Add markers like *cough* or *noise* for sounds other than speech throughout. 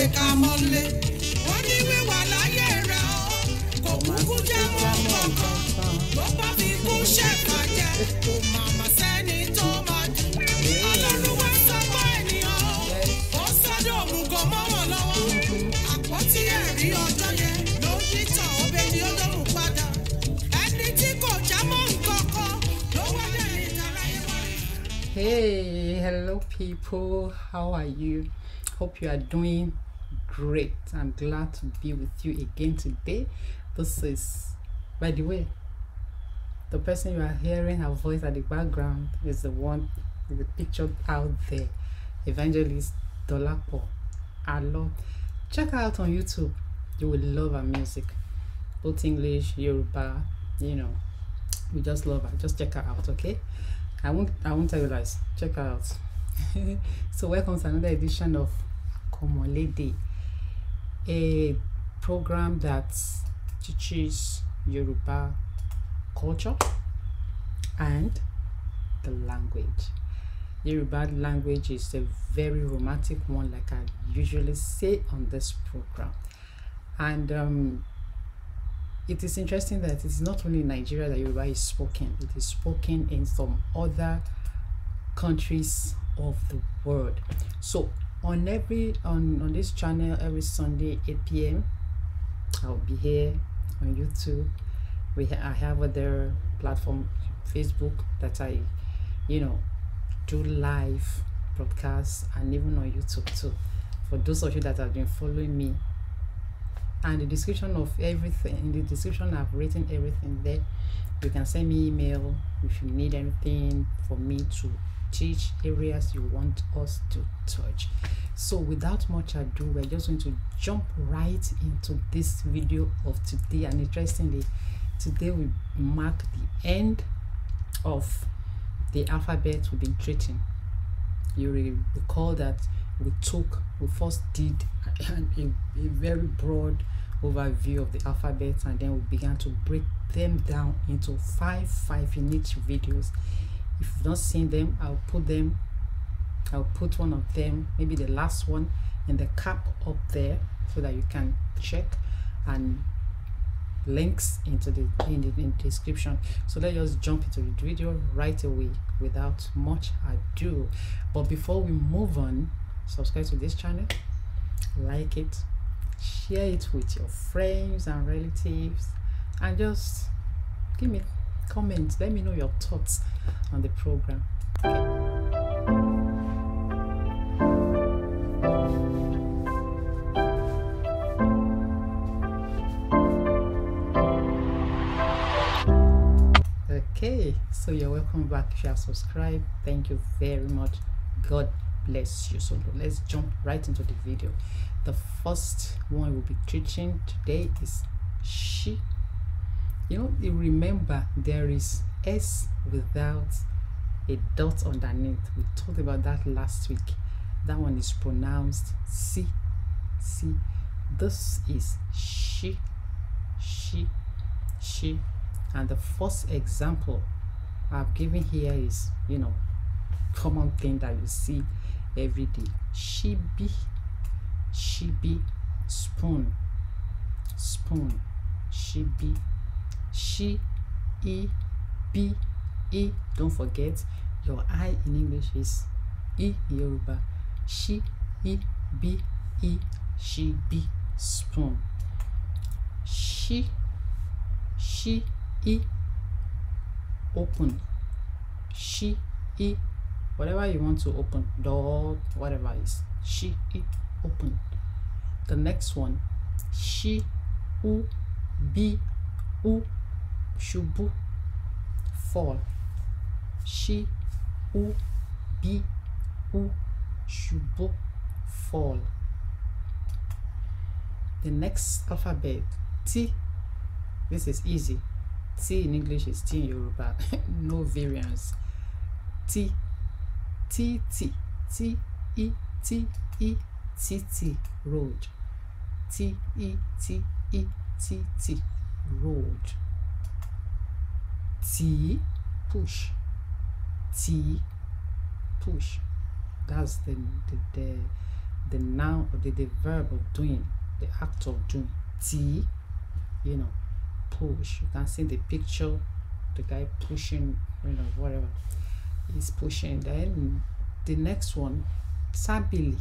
gbé ká mọ́lé. ó ní wíwà láyé rẹ̀ o kò kúkú jẹ́ mọ́ kankan ló bá fi kú ṣẹ̀fà jẹ́ kò má má sẹ́ni tó máa dùn. ọlọ́run wá sọ́kọ́ ènìyàn o ó sọ́dọ̀ òun mọ́ wọn lọ́wọ́ àpótí ẹ̀rí ọjọ́ yẹn ló yí tàn ó ní ọlọ́run padà ẹni tí kò já mọ́ nǹkan kan ló wà lẹ́yìn ìtara yẹn wá. Hey, hello people, how are you? Hope you are doing great. I'm glad to be with you again today. This is, by the way, the person you are hearing her voice at the background is the one in the picture out there, Evangelist Dolapo Hello! Check her out on YouTube. You will love her music, both English, Yoruba. You know, we just love her. Just check her out, okay? I won't. I won't tell you lies. Check her out. *laughs* so, welcome to another edition of Komolede a program that teaches Yoruba culture and the language. Yoruba language is a very romantic one, like I usually say on this program. And um, it is interesting that it's not only in Nigeria that Yoruba is spoken, it is spoken in some other countries of the world. So on every on on this channel every sunday 8 p.m i'll be here on youtube we i have other platform facebook that i you know do live broadcasts and even on youtube too for those of you that have been following me and the description of everything in the description i've written everything there you can send me email if you need anything for me to teach areas you want us to touch so without much ado we're just going to jump right into this video of today and interestingly today we mark the end of the alphabet we've been treating you recall that we took we first did a, a very broad overview of the alphabet and then we began to break them down into five five five-minute videos if you've not seen them i'll put them i'll put one of them maybe the last one in the cap up there so that you can check and links into the in the, in the description so let's just jump into the video right away without much ado but before we move on subscribe to this channel like it share it with your friends and relatives and just give me comment. Let me know your thoughts on the program. Okay. Okay, so you're welcome back. If you are subscribed, thank you very much. God bless you. So let's jump right into the video. The first one we'll be teaching today is she you know you remember there is s without a dot underneath we talked about that last week that one is pronounced c c this is she she she and the first example i've given here is you know common thing that you see every day she be she be spoon spoon she be she, e, p, e. Don't forget your I in English is e in Yoruba. She, e, b, e, she, be, spoon. She, she, e, open. She, e, whatever you want to open, door, whatever is. She, e, open. The next one, she, u, b, u, Shubu fall She ú bí ú Shubu fall. The next alphabet T. This is easy. T in English is T in Yoruba. *laughs* no variance. T T T T E T E T T road. T E T E T T road. T, push. T, push. That's the, the, the, the noun or the, the verb of doing, the act of doing. T, you know, push. You can see the picture, the guy pushing, you know, whatever. He's pushing. Then the next one, tabili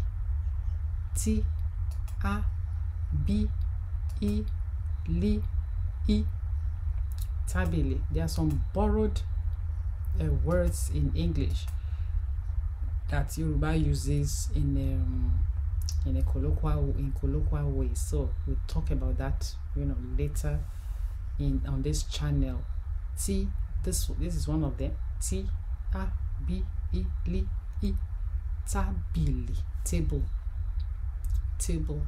tabile. There are some borrowed uh, words in English that Yoruba uses in um, in a colloquial in colloquial way. So we'll talk about that, you know, later in on this channel. T this this is one of them. T A B E L E tabili table table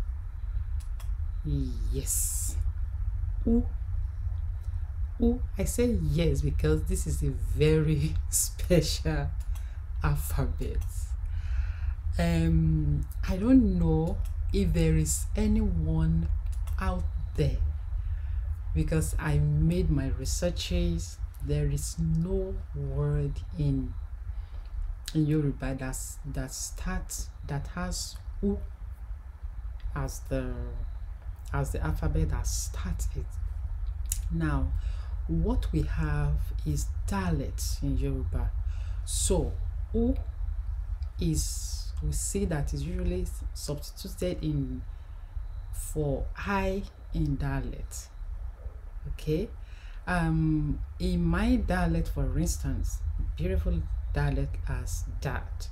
yes. Ooh. I say yes because this is a very *laughs* special alphabet. Um, I don't know if there is anyone out there because I made my researches. There is no word in in Yoruba that's that starts that has U as the as the alphabet that starts it. Now, what we have is dialect in Yoruba. So, O is, we see that is usually substituted in for I in dialect. Okay. Um, in my dialect, for instance, beautiful dialect as that,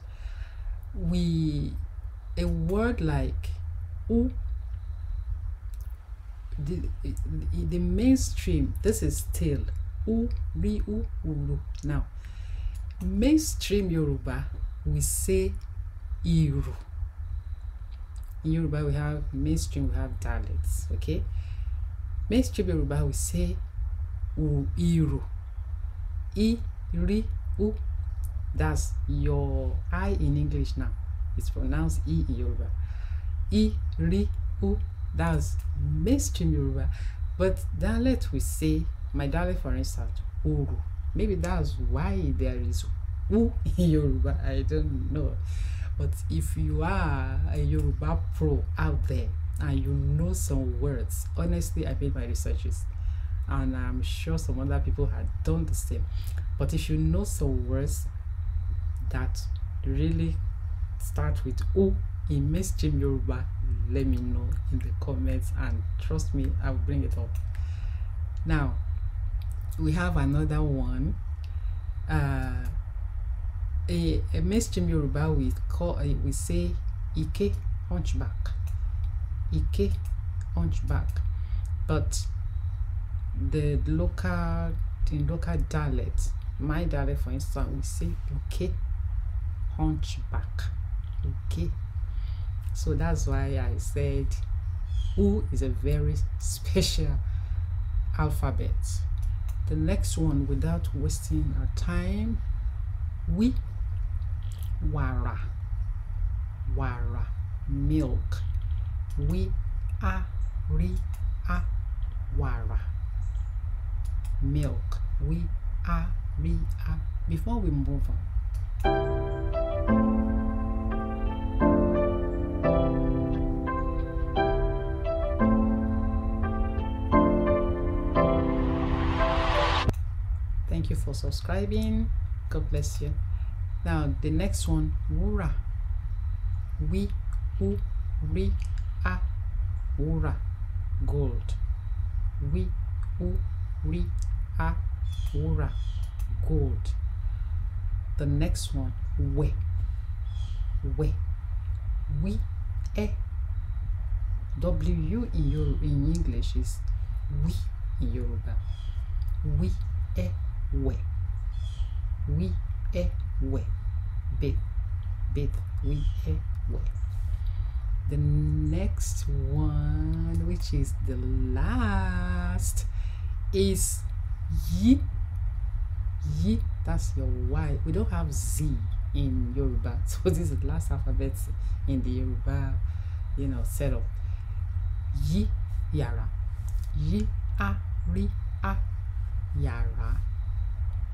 we, a word like O the, the mainstream this is still u ri u now mainstream yoruba we say iru in yoruba we have mainstream we have dialects okay mainstream yoruba we say u iru i ri u that's your i in english now it's pronounced e in yoruba i ri u that's mainstream Yoruba. But let we say, my dialect for instance, Uru. Maybe that's why there is U in Yoruba. I don't know. But if you are a Yoruba pro out there and you know some words, honestly, I made my researches and I'm sure some other people had done the same. But if you know some words that really start with O in mainstream Yoruba, let me know in the comments and trust me i'll bring it up now we have another one uh, a, a mainstream yoruba we call eh, we say ike hunchback ike hunchback but the local in local dialect my dialect for instance we say okay hunchback okay so that's why I said "O" is a very special alphabet. The next one, without wasting our time, we, wara, wara, milk. We, a, ri, a, wara, milk. We, a, ri, a. Before we move on. thank you for subscribing god bless you now the next one wura we who re a wura gold we who re a wura gold the next one we we we e w in you in english is we in yoruba we e we. We e we. Bit. Bit. We e we. The next one, which is the last, is yi. Yi, that's your Y. We don't have Z in Yoruba. *laughs* So this is the last alphabet in the Yoruba, you know, setup. Yi, yara. Yi, a, ri, a, yara.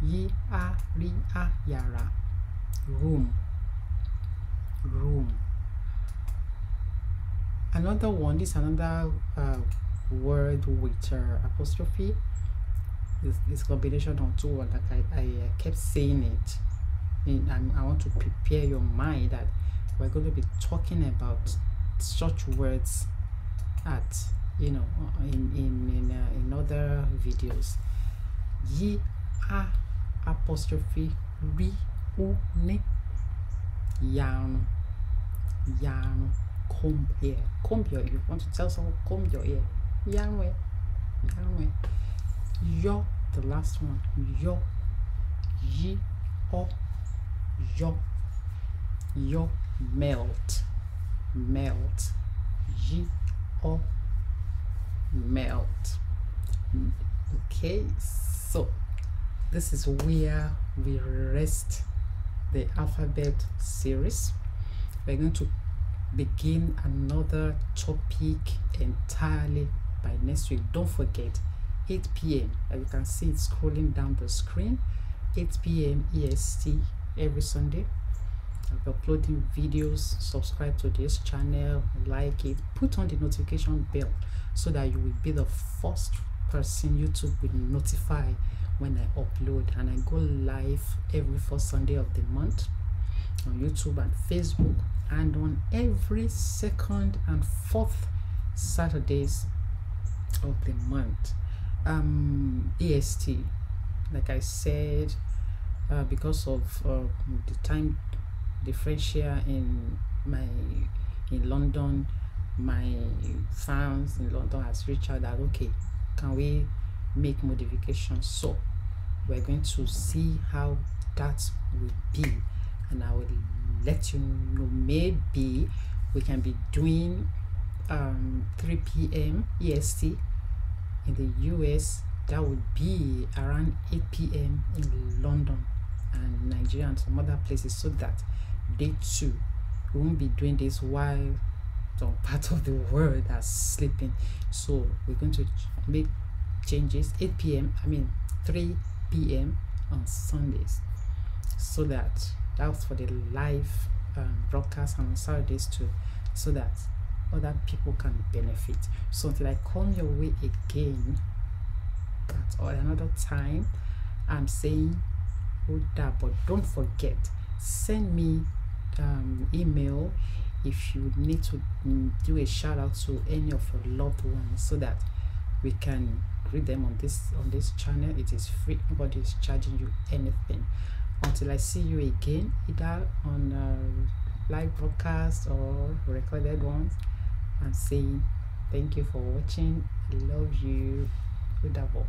Y a r a ri a yara room room another one this another uh, word with uh, apostrophe this, this combination of two words I, I kept saying it and I, I want to prepare your mind that we're going to be talking about such words at you know in in in, uh, in other videos ye a apostrophe ri une yarn yarn comb hair comb your want to tell someone comb your ear yarn way yarn way yo the last one yo ye oh yo yo melt melt ye oh melt mm, okay so this is where we rest the alphabet series we're going to begin another topic entirely by next week don't forget 8 p.m as you can see it's scrolling down the screen 8 p.m est every sunday i'll be uploading videos subscribe to this channel like it put on the notification bell so that you will be the first person youtube will notify when i upload and i go live every first sunday of the month on youtube and facebook and on every second and fourth saturdays of the month um est like i said uh, because of uh, the time here in my in london my fans in london has reached out that okay can we make modifications so we're going to see how that will be and i will let you know maybe we can be doing um 3 p.m est in the us that would be around 8 p.m in london and nigeria and some other places so that day two, we won't be doing this while or part of the world that's sleeping so we're going to make changes 8 p.m i mean 3 p.m on sundays so that that's for the live um, broadcast and on saturdays too so that other people can benefit so until i come your way again at another time i'm saying hold that but don't forget send me um, email if you need to mm, do a shout out to any of your loved ones so that we can greet them on this on this channel it is free nobody is charging you anything until i see you again either on uh, live broadcast or recorded ones i'm saying thank you for watching i love you double.